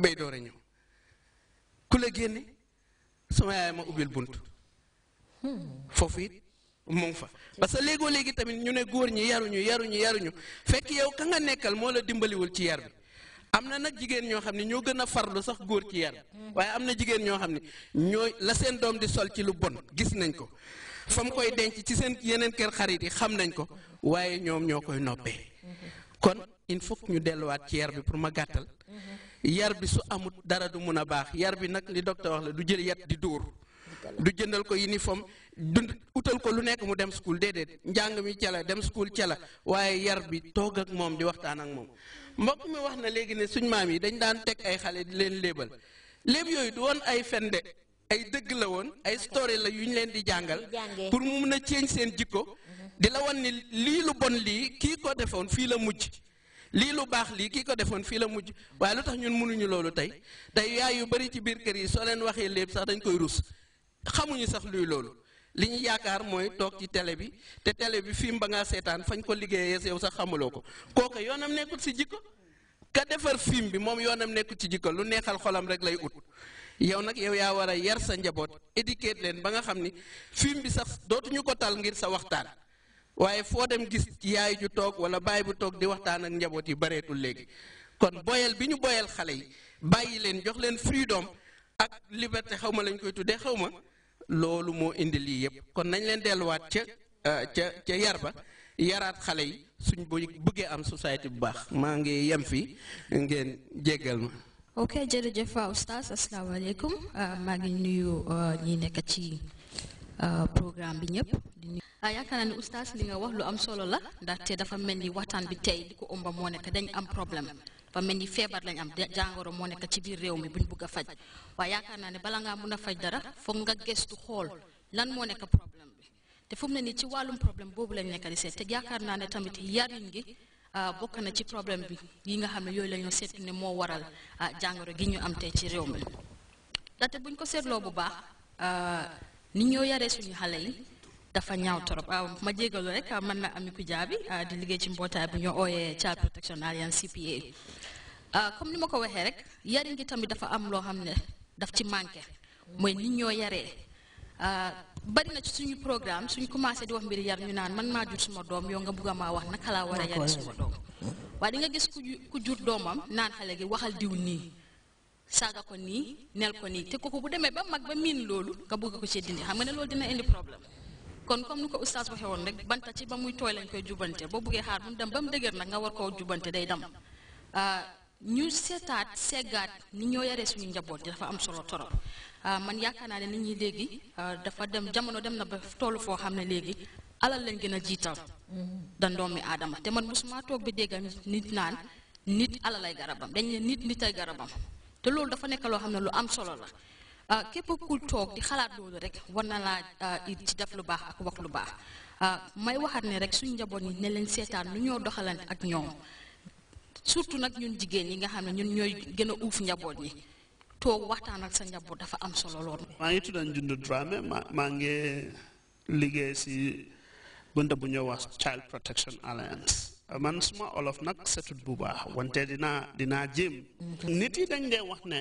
bay door a ku la génne sama yaay ma ubbil bunt foofu it mu fa parce que léegoo léegi tamit ñu ne góor ñi yaruñu yaruñu yaruñu fekk yow ka nga nekkal moo la dimbaliwul ci yar bi am na nag jigéen ñoo xam ne ñoo gën a farlu sax góor ci waaye am na jigéen ñoo xam ne ñooy la seen doom di sol ci lu bon gis nañ ko fa mu koy denc ci seen yeneen kër xarit yi xam nañ ko waaye ñoom ñoo koy noppee kon il faut ñu delluwaat ci yar bi pour ma gàttal yar bi su amut dara du mun a baax yar bi nag li docteur wax la du jël yat di dóor du jëndal ko uniforme du utal ko lu nekk mu dem school déedéet njàng mi ca la dem school ca la waaye yar bi toog ak moom di waxtaan ak moom mbokk mi wax na léegi ne suñ maam yi dañ daan teg ay xale di leen léebal léeb yooyu du woon ay de ay dëgg la woon ay story la yu ñu leen di jàngal pour mu mun a ceeñ seen jikko di la wan ni lii lu bon lii kii ko defoon fii la mu Lilo lu bax li kiko defon fi la mujj way lu tax ñun ñu lolu tay tay yaay yu bari ci bir kër yi so leen waxe lepp sax dañ koy rus xamuñu sax luy lolu li ñu yaakar moy tok ci télé bi te télé bi film mba nga sétane fañ ko liggéeyé yow sax xamuloo ko kooku nekkul ci jikko ka défar film bi mom yonam nekkul ci jikko lu neexal xolam rek lay ut yow nak yow ya wara yar sa njabot éduquer leen ba nga xamni film bi sax ñu ko tal ngir sa waxtaan waaye foo dem gis yaay ju toog wala baay bu toog di waxtaan ak njaboot yi bareetul léegi kon boyal bi ñu boyal xale yi bàyyi leen jox leen freedom ak liberté xaw ma lañ koy tuddee xaw ma loolu moo indi lii yëpp kon nañ leen delluwaat ca euh, ca ca yar ba yaraat xale yi suñ bëggee am société bu baax maa ngi yem fi ngeen jéggal ma. ok jërëjëf Oustaz asalaamaaleykum euh, maa ngi nuyu euh, ñi nekk ci. Euh, programme bi ñëpp ah, yaakaar naa ne oustaz li nga wax lu am solo la ndaxte dafa mel ni waxtaan bi tey li ko ëmba moo nekk dañ am problème dafa mel ni feebar lañ am jàngoro moo nekk ci biir réew mi buñ bugg a faj yaakaar naa ne bala ngaa mun a faj dara foog nga gëstu xool lan moo nekk problème bi te fu mu ne nii ci wàllum problème boobu lañ nekk di te yaakaar naa ne tamit yarin gi ah, bokk na ci problème bi yi nga xam ne yooyu la ñu seetlu moo waral ah, jàngoro gi ñu am tey ci réew mi ndaxte buñ ko seetloo bu baax ni ñoo yaree suñu xale yi dafa ñaaw torop ma jégalu rek man la Ami Kujabi ah, di liggéey ci mbootaay bu ñu ooyee Child Protection Alliance CPA ah, comme ni ma ko waxee rek yari ngi tamit dafa am loo xam ne daf ci manqué mooy ni ñoo yaree ah, bari na ci suñu programme suñ commencé di wax mbiri yar ñu naan man maa jur suma doom yow nga bugg a maa wax naka laa war a yaree suma doom waaye di nga gis ku jur doomam naan xale gi waxal diw nii saaga ko nii nel ko nii te ku ko bu demee ba mag ba miin loolu nga bugg ko ci dindi xam nga ne loolu dina indi problème kon comme nu ko oustaz waxee woon rek banta ci ba muy tooy lañ koy jubante boo buggee xaar mu dem ba mu dëgër nag war koo jubante day dam ah, ñu seetaat seggaat ni ñoo yaree suñu njaboot yi dafa am solo torop ah, man yaakaar naa ne nit ñi léegi ah, dafa dem jamono dem na ba toolu foo xam ne léegi alal lañ gën a jiital da mi aadama te man mosuma toog bi dégg nit naan nit alalay garabam dañ ne nit nitay garabam te loolu dafa nekk loo xam ne lu am solo la ah, képp ku toog di xalaat loolu rek war na laa ah, ci def lu baax ak wax lu baax ah, may waxaat ne rek suñ njaboot yi ne leen seetaan lu ñoo doxalante ak ñoom surtout nag ñun jigéen ñi nga xam ne ñun ñooy gën a uuf njaboot ñi toog waxtaan ak sa njaboot dafa am solo lool. maa ngi tudd Njundu Dramé maa ngi liggéey si bunta bu ñoo wax Child Protection Alliance. man suma olof nag setut bu baax wante dinaa dinaa jéem nit yi dañ dee wax ne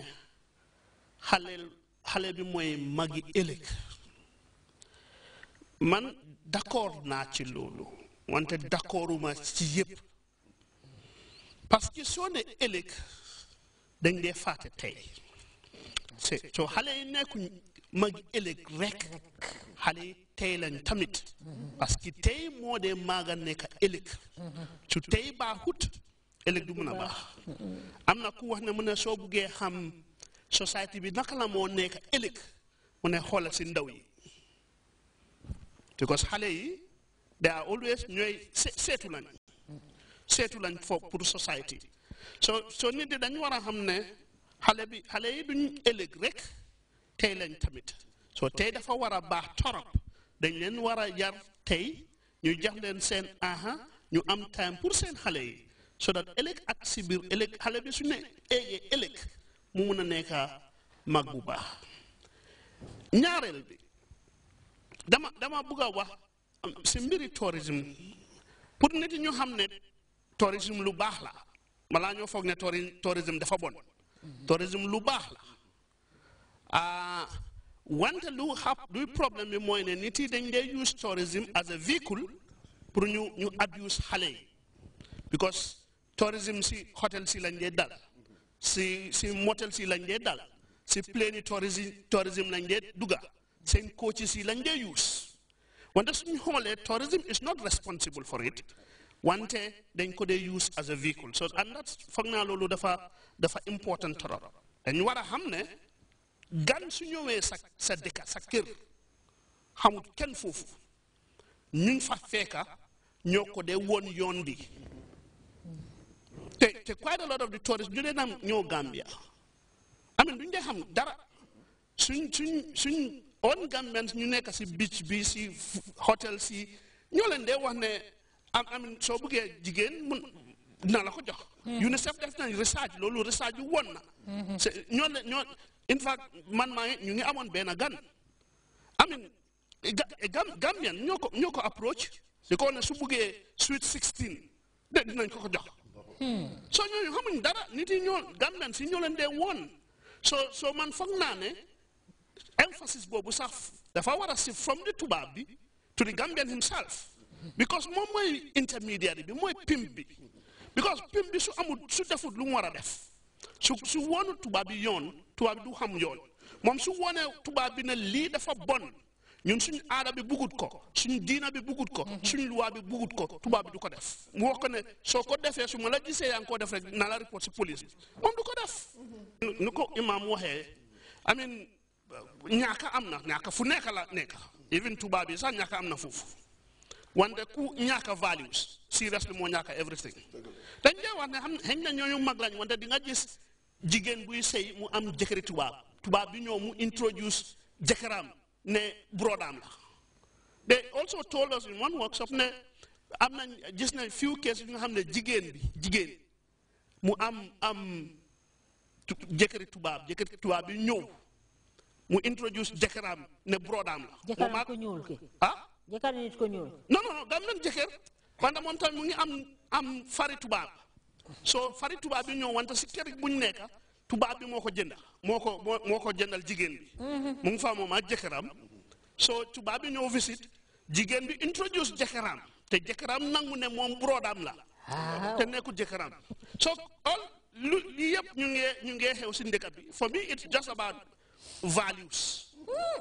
xaleel xale bi mooy magi ëllëg man d'accord naa ci loolu wante d'accorduma ci yëpp parce que soo ne ëllëg dañ dee fàtte tey soo xale yi nekkuñ magi ëllëg rek xale yi tey lañ tamit parce que tey moo dee maaga nekk ëllëg su tey baaxut ëllëg du mun a baax am na ku wax ne mu ne soo buggee xam société bi naka la moo nekk élég mu ne xoolal si ndaw yi because xale yi they are always ñooy seetu lañ seetu lañ fo pour société soo nit di dañ war a xam ne xale bi xale yi duñ ëllëg rek tey lañ tamit so tey dafa war a baax torop dañ leen war a yar tey ñu jax leen seen aha ñu am time pour seen xale yi so that ëllëg ak si biir ëllëg xale bi su ne eegee ëllëg mu mun a nekka mag bu baax ñaareel bi dama dama bugg a wax si mbiri tourisme pour nit ñu xam ne tourisme lu baax la balaa ñoo foog ne tourisme dafa bon tourisme lu baax la ah, wante lu xap luy problème bi mooy ne nit yi dañ dee use tourism as a vehicle pour ñu ñu abuse xale yi because tourism si hôtel si lañ dee dal si si motel si lañ dee dal si plane tourism tourism lañ dee dugga seen coaches yi lañ dee use wante suñu xoolee tourism is not responsible for it wante dañ ko dee use as a vehicle so and that's foog naa loolu dafa dafa important trop dañ war a xam ne gan su ñëwee sa sa dëkka sa kër xamut kenn foofu ñun fa fekka ñoo ko dee woon yoon di te te quite a lot of the tourists ñu dee naam ñoo Gambia amin duñ dee xam dara suñ suñ suñ own Gambians ñu nekk si beach bi si hotel si ñoo leen dee wax ne amin soo bëggee jigéen mun na la ko jox hmm. UNICEF def nañ loolu research yu woon na hmm. ñoo leen ñoo in fact man maa ngi ñu ngi amoon benn gan amin Gambian ñoo ko Nyoko ko approach di call ne su buggee sweet 16 de dinañ ko ko jox. so ñooñu xamuñ dara nit yi ñoo Gambian si ñoo leen dee so so man foog naa ne eh? emphasis boobu sax dafa war si from the tubaab to the Gambian himself because moom more intermediary bi more Pimbi, because Pimbi so amu amul su defut lu mu war a def su su woonu tubaab bi yoon. tubaab bi du xam yoon moom su wone tubaab bi ne lii dafa bon ñun suñu aada bi bugut ko suñu diina bi bugut ko mhm. suñu luwaa bi bugut ko tubaab bi du ko def mu wax ko ne soo ko defee su ma la gisee yaa ngi koo def rek na la report si police bi moom du ko def mhm. ni ko imaam waxee amin ñaaka am na ñaaka fu nekk la nekk even tubaab yi sax ñaaka am na foofu wante ku ñaaka values seriously moo ñaaka everything dañ dee wax ne xam xëy na mag lañ wante di nga gis jigéen buy sëy mu am jëkkëri tubaab tubaab bi ñëw mu introduce jëkkëram ne brodaam la they also told us in one workshop ne am nañ gis nañ few cases yu nga xam ne jigéen bi jigéen mu am am jëkkëri tubaab jëkkëri tubaab bi ñëw mu introduce jëkkëram ne brodaam la jëkkëram ko ñuul ki ah jëkkër nit ko ñuul non non non dam nañ jëkkër wante mu ngi am am fari tubaab so fari tubaab bi ñoo wante si kër bu ñu nekk tubaab bi moo ko jënda moko moko moo ko jëndal jigéen bi. Mm-hmm. mu ngi faa moom ak so tubaab bi ñoo visit jigéen bi introduce jëkkëram te jëkkëram nangu ne moom broodam la. te nekkul jëkkëram so all lu lii yëpp ñu ngi ñu ngi xew si ndëkk bi for me it's just about values.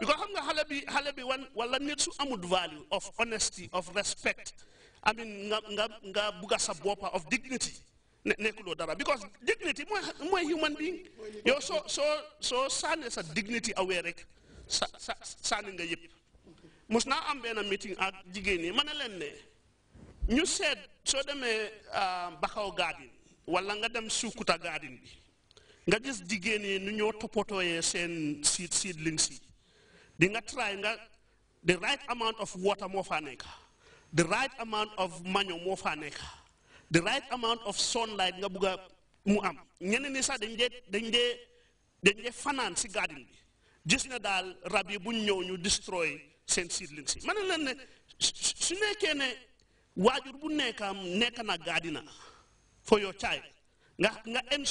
because xam nga xale bi xale bi wan wala nit su amut value of honesty of respect I mean nga nga nga bugga sa boppa of dignity because dignity mooy mooy human being yow soo so soo sànnee sa dignity awee rek sa sa sànni nga yëpp mus naa am meeting at jigéen ñi ma ne leen ne ñu seet soo ah, garden wala nga dem Sukuta garden bi nga gis jigéen nu ñoo toppatooyee seen seed seedlings yi di nga try nga the right amount of water moo faa nekk the right amount of manure moo faa nekk the right amount of sunlight nga bugg a mu am ñeneen ni sax dañ dee dañ dee dañ dee fanaan si garden bi gis na dal rab yi ñëw ñu destroy seen seedling si ma ne leen ne su nekkee ne waajur bu nekkaam nekk na gardina for your child nga nga ne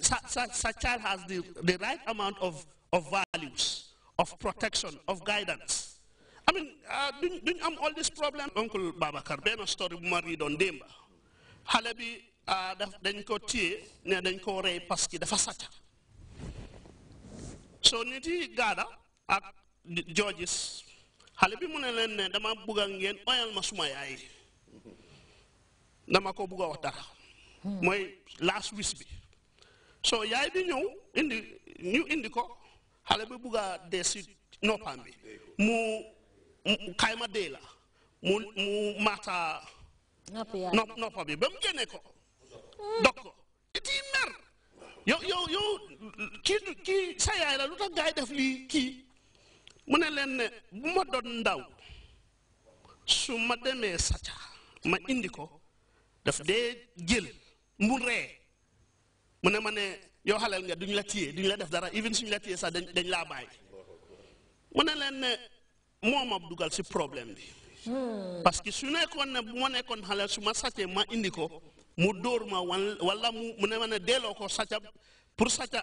sa sa sa child has the the right amount of of values of protection of guidance I mean, uh, do, do, all this problem, Uncle Babakar, Ben story, Marie Don Demba. xale bi ah, daf dañ ko téye ne dañ ko rey parce que dafa sàcc soo nit yi gaada ak Georges xale bi mu ne leen ne dama bugg a ngeen oyal ma suma yaay dama ko bugg a wax dara mooy last wish bi soo yaay bi ñëw indi ñu indi ko xale bi bugg a dee si noppam bi mu xayma dee la mu mu maata nopp noppam bi ba mu génne ko hmm. dog ko it yi mer yow yow yow kii kii sa yaay la lu tax gaa yi def lii kii mu ne leen ne bu ma doon ndaw su ma demee sacca ma indi ko daf dee jël mu ree mu ne ma ne yow xaleel nga duñ la téye duñ la def dara even suñ la téye sax dañ dañ laa bàyyi mu ne leen ne moo ma dugal si problème bi Hmm. parce que su nekkoon ne bu ma nekkoon xale su ma sàccee ma indi ko mu dóor ma walla mu ne ma ne delloo ko sàcca pour sàcca